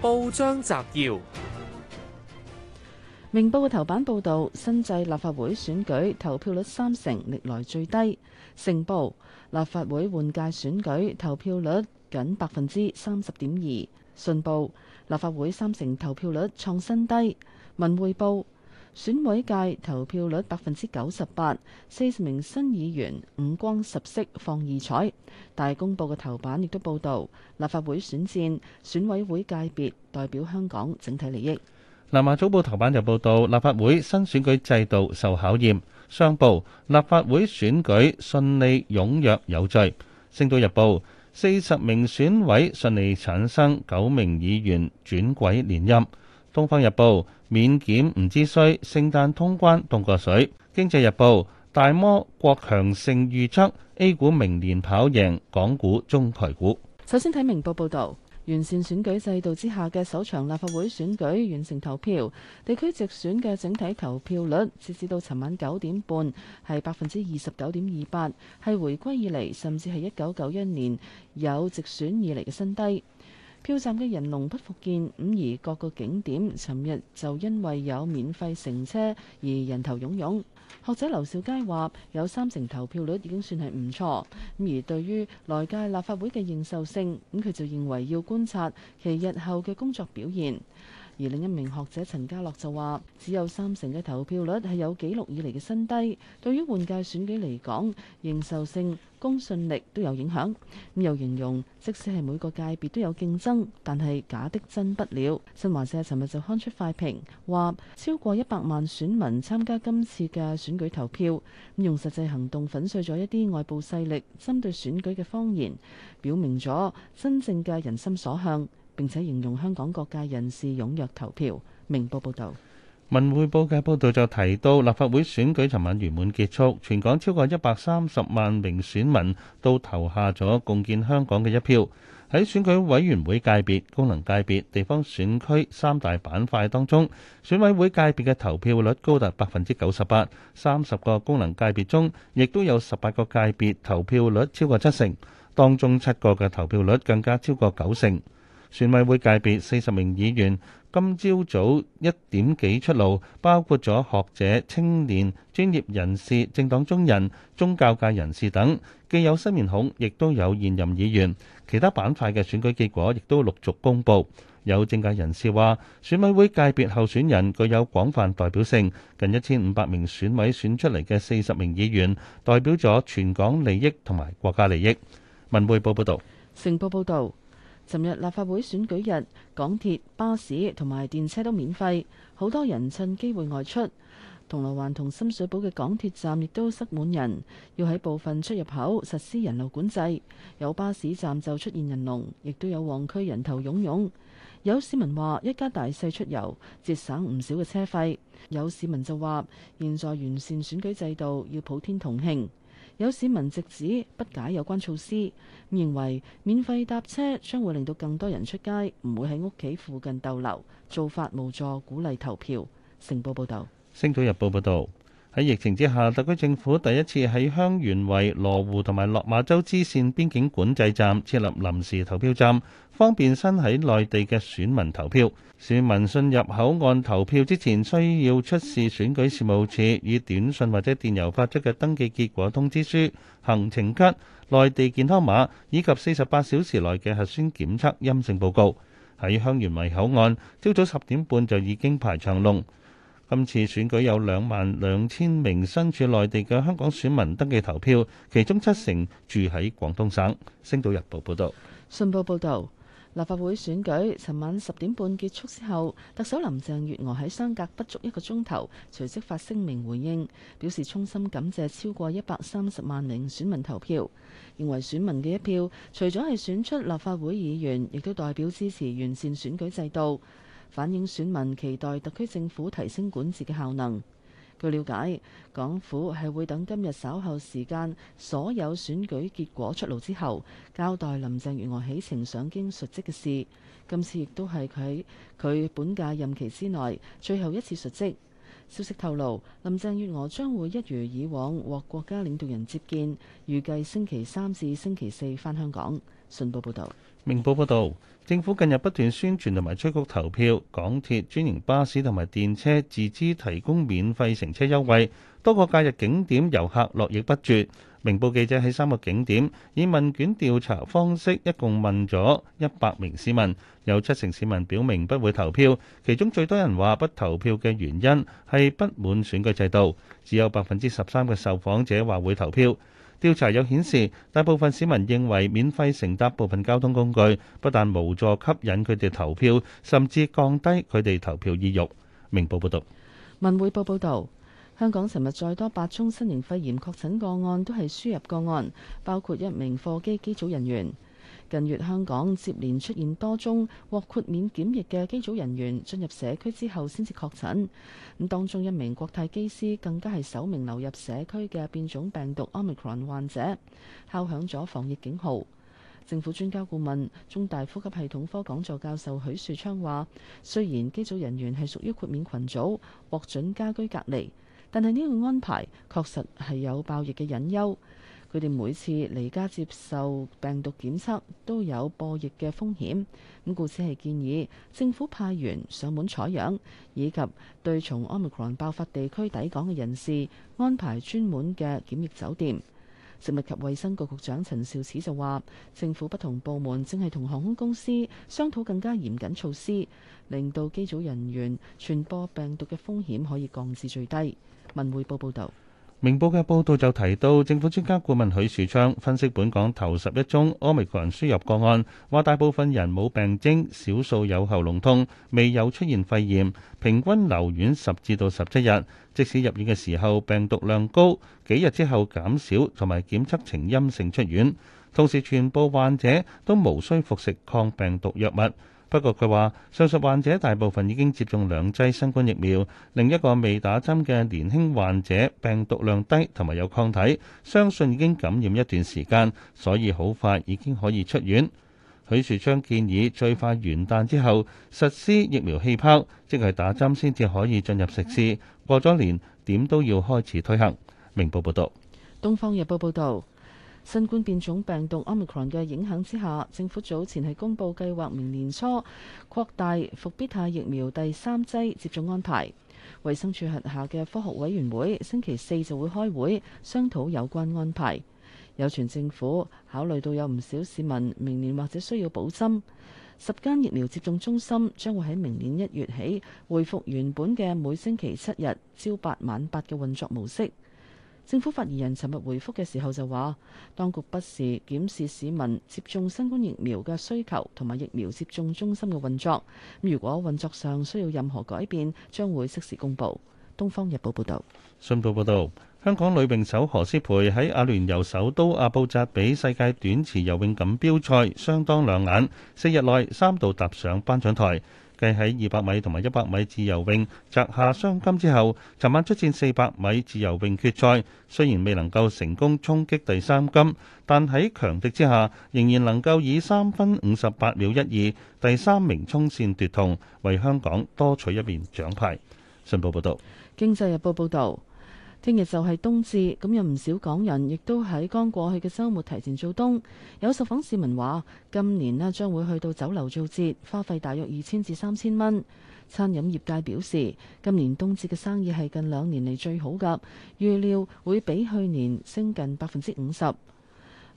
報章摘要：明報嘅頭版報道，新制立法會選舉投票率三成，歷來最低。成報立法會換屆選舉投票率僅百分之三十點二。信報立法會三成投票率創新低。文匯報。選委界投票率百分之九十八，四十名新議員五光十色放異彩。大公報嘅頭版亦都報道立法會選戰，選委會界別代表香港整體利益。南華早報頭版就報道立法會新選舉制度受考驗。商報立法會選舉順利踊躍有序。星島日報四十名選委順利產生，九名議員轉軌連任。《東方日報》免檢唔知衰，聖誕通關凍過水。《經濟日報》大摩國強盛預測 A 股明年跑贏港股、中概股。首先睇明報報導，完善選舉制度之下嘅首場立法會選舉完成投票，地區直選嘅整體投票率截至到尋晚九點半係百分之二十九點二八，係回歸以嚟甚至係一九九一年有直選以嚟嘅新低。票站嘅人龍不復見，咁而各個景點尋日就因為有免費乘車而人頭湧湧。學者劉兆佳話：有三成投票率已經算係唔錯，咁而對於來屆立法會嘅認受性，咁佢就認為要觀察其日後嘅工作表現。而另一名學者陳家洛就話：只有三成嘅投票率係有記錄以嚟嘅新低，對於換屆選舉嚟講，認受性、公信力都有影響。咁又形容，即使係每個界別都有競爭，但係假的真不了。新華社尋日就刊出快評，話超過一百萬選民參加今次嘅選舉投票，用實際行動粉碎咗一啲外部勢力針對選舉嘅謊言，表明咗真正嘅人心所向。並且形容香港各界人士踴躍投票。明報報道，文匯報嘅報道就提到，立法會選舉尋晚圓滿結束，全港超過一百三十萬名選民都投下咗共建香港嘅一票。喺選舉委員會界別、功能界別、地方選區三大板塊當中，選委會界別嘅投票率高達百分之九十八，三十個功能界別中，亦都有十八個界別投票率超過七成，當中七個嘅投票率更加超過九成。選委會界別四十名議員今朝早一點幾出爐，包括咗學者、青年、專業人士、政黨中人、宗教界人士等，既有新面孔，亦都有現任議員。其他板塊嘅選舉結果亦都陸續公布。有政界人士話，選委會界別候選人具有廣泛代表性，近一千五百名選委選出嚟嘅四十名議員，代表咗全港利益同埋國家利益。文匯報報道，成報報道。尋日立法會選舉日，港鐵、巴士同埋電車都免費，好多人趁機會外出。銅鑼灣同深水埗嘅港鐵站亦都塞滿人，要喺部分出入口實施人流管制。有巴士站就出現人龍，亦都有旺區人頭湧湧。有市民話：一家大細出遊，節省唔少嘅車費。有市民就話：現在完善選舉制度，要普天同慶。有市民直指不解有關措施，認為免費搭車將會令到更多人出街，唔會喺屋企附近逗留，做法無助鼓勵投票。成報報道，《星島日報》報道。喺疫情之下，特區政府第一次喺香園圍羅湖同埋落馬洲支線邊境管制站設立臨時投票站，方便身喺內地嘅選民投票。市民進入口岸投票之前，需要出示選舉事務處以短信或者電郵發出嘅登記結果通知書、行程卡、內地健康碼以及四十八小時內嘅核酸檢測陰性報告。喺香園圍口岸，朝早十點半就已經排長龍。今次選舉有兩萬兩千名身處內地嘅香港選民登記投票，其中七成住喺廣東省。星島日報報導。信報報導，立法會選舉尋晚十點半結束之後，特首林鄭月娥喺相隔不足一個鐘頭，隨即發聲明回應，表示衷心感謝超過一百三十萬名選民投票，認為選民嘅一票，除咗係選出立法會議員，亦都代表支持完善選舉制度。反映選民期待特區政府提升管治嘅效能。據了解，港府係會等今日稍後時間所有選舉結果出爐之後，交代林鄭月娥起程上京述職嘅事。今次亦都係佢佢本屆任期之內最後一次述職。消息透露，林鄭月娥將會一如以往獲國家領導人接見，預計星期三至星期四返香港。信報報導，明報報導，政府近日不斷宣傳同埋催谷投票，港鐵專營巴士同埋電車自資提供免費乘車優惠，多個假日景點遊客絡繹不絕。明報記者喺三個景點以問卷調查方式，一共問咗一百名市民，有七成市民表明不會投票，其中最多人話不投票嘅原因係不滿選舉制度，只有百分之十三嘅受訪者話會投票。調查又顯示，大部分市民認為免費乘搭部分交通工具，不但無助吸引佢哋投票，甚至降低佢哋投票意欲。明報報道，文匯報報道：「香港尋日再多八宗新型肺炎確診個案，都係輸入個案，包括一名貨機機組人員。」近月香港接連出現多宗獲豁免檢疫嘅機組人員進入社區之後先至確診，咁當中一名國泰機師更加係首名流入社區嘅變種病毒 Omicron 患者，敲響咗防疫警號。政府專家顧問、中大呼吸系統科講座教授許樹昌話：雖然機組人員係屬於豁免群組，獲准家居隔離，但係呢個安排確實係有爆疫嘅隱憂。佢哋每次離家接受病毒檢測都有播疫嘅風險，咁故此係建議政府派員上門採樣，以及對從奧密克戎爆發地區抵港嘅人士安排專門嘅檢疫酒店。食物及衛生局局長陳肇始就話政府不同部門正係同航空公司商討更加嚴謹措施，令到機組人員傳播病毒嘅風險可以降至最低。文匯報報道。明報嘅報道就提到，政府專家顧問許樹昌分析本港頭十一宗 Omicron 輸入個案，話大部分人冇病徵，少數有喉嚨痛，未有出現肺炎，平均留院十至到十七日。即使入院嘅時候病毒量高，幾日之後減少，同埋檢測呈陰性出院。同時，全部患者都無需服食抗病毒藥物。不過佢話，上述患者大部分已經接種兩劑新冠疫苗，另一個未打針嘅年輕患者病毒量低同埋有抗體，相信已經感染一段時間，所以好快已經可以出院。許樹昌建議最快元旦之後實施疫苗氣泡，即係打針先至可以進入食肆。過咗年點都要開始推行。明報報道。《東方日報》報道。新冠變種病毒 Omicron 嘅影響之下，政府早前係公布計劃，明年初擴大復必泰疫苗第三劑接種安排。衛生署轄下嘅科學委員會星期四就會開會商討有關安排。有傳政府考慮到有唔少市民明年或者需要補針，十間疫苗接種中心將會喺明年一月起恢復原本嘅每星期七日朝八晚八嘅運作模式。政府發言人尋日回覆嘅時候就話，當局不時檢視市民接種新冠疫苗嘅需求，同埋疫苗接種中心嘅運作。如果運作上需要任何改變，將會即時公佈。《東方日報》報道。《信報》報道，香港女泳手何詩蓓喺阿聯酋首都阿布扎比世界短池游泳錦標賽相當亮眼，四日內三度踏上頒獎台。繼喺二百米同埋一百米自由泳摘下雙金之後，尋晚出戰四百米自由泳決賽，雖然未能夠成功衝擊第三金，但喺強敵之下，仍然能夠以三分五十八秒一二第三名衝線奪銅，為香港多取一面獎牌。信報報道，經濟日報報道。聽日就係冬至，咁有唔少港人亦都喺剛過去嘅週末提前做冬。有受訪市民話：今年呢將會去到酒樓做節，花費大約二千至三千蚊。餐飲業界表示，今年冬至嘅生意係近兩年嚟最好㗎，預料會比去年升近百分之五十。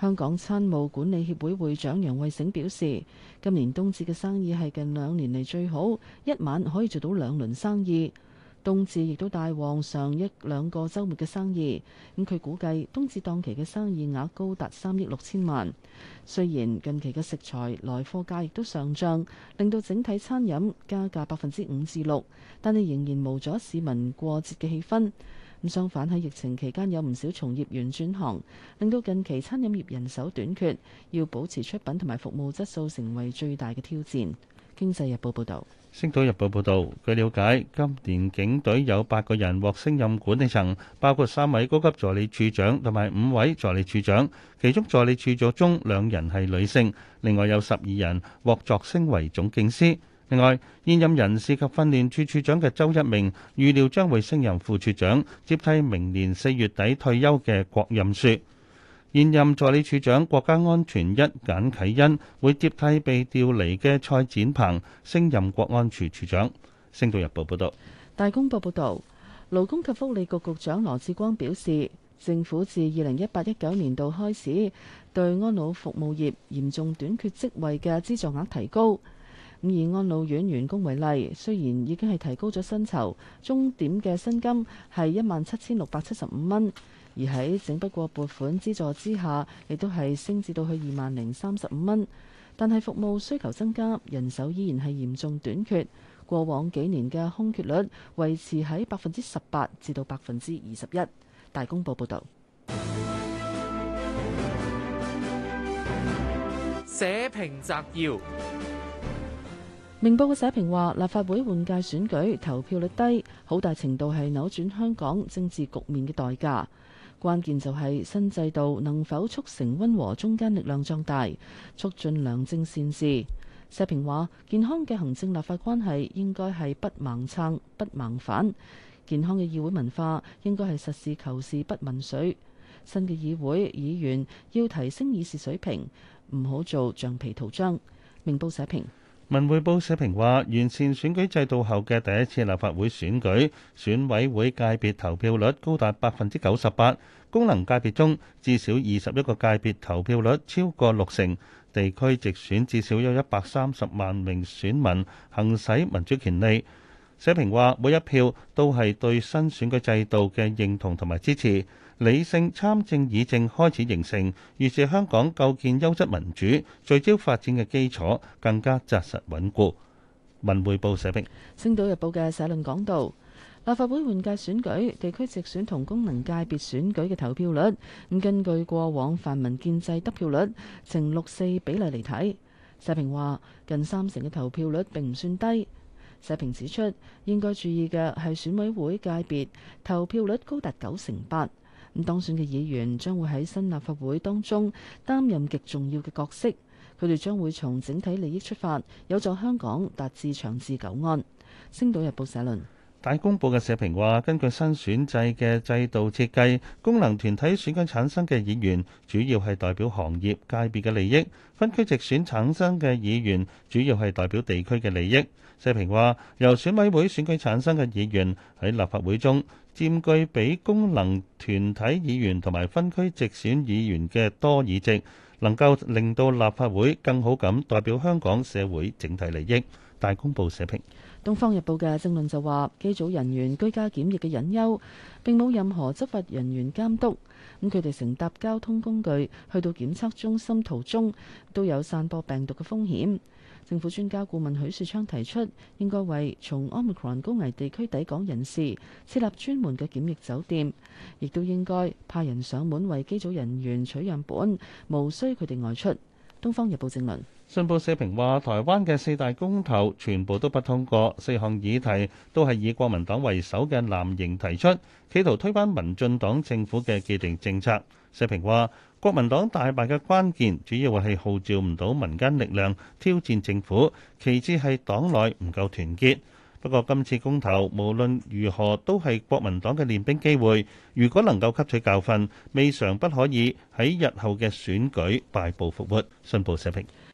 香港餐務管理協會會長楊惠醒表示，今年冬至嘅生意係近兩年嚟最好，一晚可以做到兩輪生意。冬至亦都帶旺上一兩個週末嘅生意，咁佢估計冬至檔期嘅生意額高達三億六千萬。雖然近期嘅食材來貨價亦都上漲，令到整體餐飲加價百分之五至六，6，但係仍然無咗市民過節嘅氣氛。咁相反喺疫情期間有唔少從業員轉行，令到近期餐飲業人手短缺，要保持出品同埋服務質素成為最大嘅挑戰。經濟日報報導。《星島日報》報導，據了解，今年警隊有八個人獲升任管理層，包括三位高級助理處長同埋五位助理處長，其中助理處長中兩人係女性，另外有十二人獲擢升為總警司。另外，現任人事及訓練處處長嘅周一明預料將會升任副處長，接替明年四月底退休嘅郭任説。現任助理處長國家安全一簡啟恩會接替被調離嘅蔡展鵬，升任國安處處長。星島日報報導。大公報報道，勞工及福利局局，局長羅致光表示，政府自二零一八一九年度開始，對安老服務業嚴重短缺職位嘅資助額提高。以安老院員工為例，雖然已經係提高咗薪酬，終點嘅薪金係一萬七千六百七十五蚊。而喺整不過撥款資助之下，亦都係升至到去二萬零三十五蚊。但係服務需求增加，人手依然係嚴重短缺。過往幾年嘅空缺率維持喺百分之十八至到百分之二十一。大公報報道。社評摘要：明報嘅社評話，立法會換屆選舉投票率低，好大程度係扭轉香港政治局面嘅代價。關鍵就係新制度能否促成溫和中間力量壯大，促進良政善治。社評話：健康嘅行政立法關係應該係不盲撐、不盲反，健康嘅議會文化應該係實事求是、不民粹。新嘅議會議員要提升議事水平，唔好做橡皮圖章。明報社評。文匯報社評話：完善選舉制度後嘅第一次立法會選舉，選委會界別投票率高達百分之九十八，功能界別中至少二十一個界別投票率超過六成，地區直選至少有一百三十萬名選民行使民主權利。社評話：每一票都係對新選舉制度嘅認同同埋支持。理性參政議政開始形成，預示香港構建優質民主、聚焦發展嘅基礎更加紮實穩固。文匯報社評，《星島日報》嘅社論講道：，立法會換屆選舉、地區直選同功能界別選舉嘅投票率，咁根據過往泛民建制得票率呈六四比例嚟睇，社評話近三成嘅投票率並唔算低。社評指出應該注意嘅係選委會界別投票率高達九成八。當選嘅議員將會喺新立法會當中擔任極重要嘅角色，佢哋將會從整體利益出發，有助香港達至長治久安。星島日報社論，大公報嘅社評話：根據新選制嘅制度設計，功能團體選舉產生嘅議員主要係代表行業界別嘅利益，分區直選產生嘅議員主要係代表地區嘅利益。社評話：由選委會選舉產生嘅議員喺立法會中。佔據比功能團體議員同埋分區直選議員嘅多議席，能夠令到立法會更好咁代表香港社會整體利益。大公報社評。《東方日報》嘅政論就話，機組人員居家檢疫嘅隱憂並冇任何執法人員監督，咁佢哋乘搭交通工具去到檢測中心途中都有散播病毒嘅風險。政府專家顧問許樹昌提出，應該為從 Omicron 高危地區抵港人士設立專門嘅檢疫酒店，亦都應該派人上門為機組人員取樣本，無需佢哋外出。《東方日報》正論，信報社評話，台灣嘅四大公投全部都不通過，四項議題都係以國民黨為首嘅藍營提出，企圖推翻民進黨政府嘅既定政策。社評話，國民黨大敗嘅關鍵，主要係號召唔到民間力量挑戰政府，其次係黨內唔夠團結。不過今次公投無論如何都係國民黨嘅練兵機會，如果能夠吸取教訓，未嘗不可以喺日後嘅選舉敗部復活。信報社評。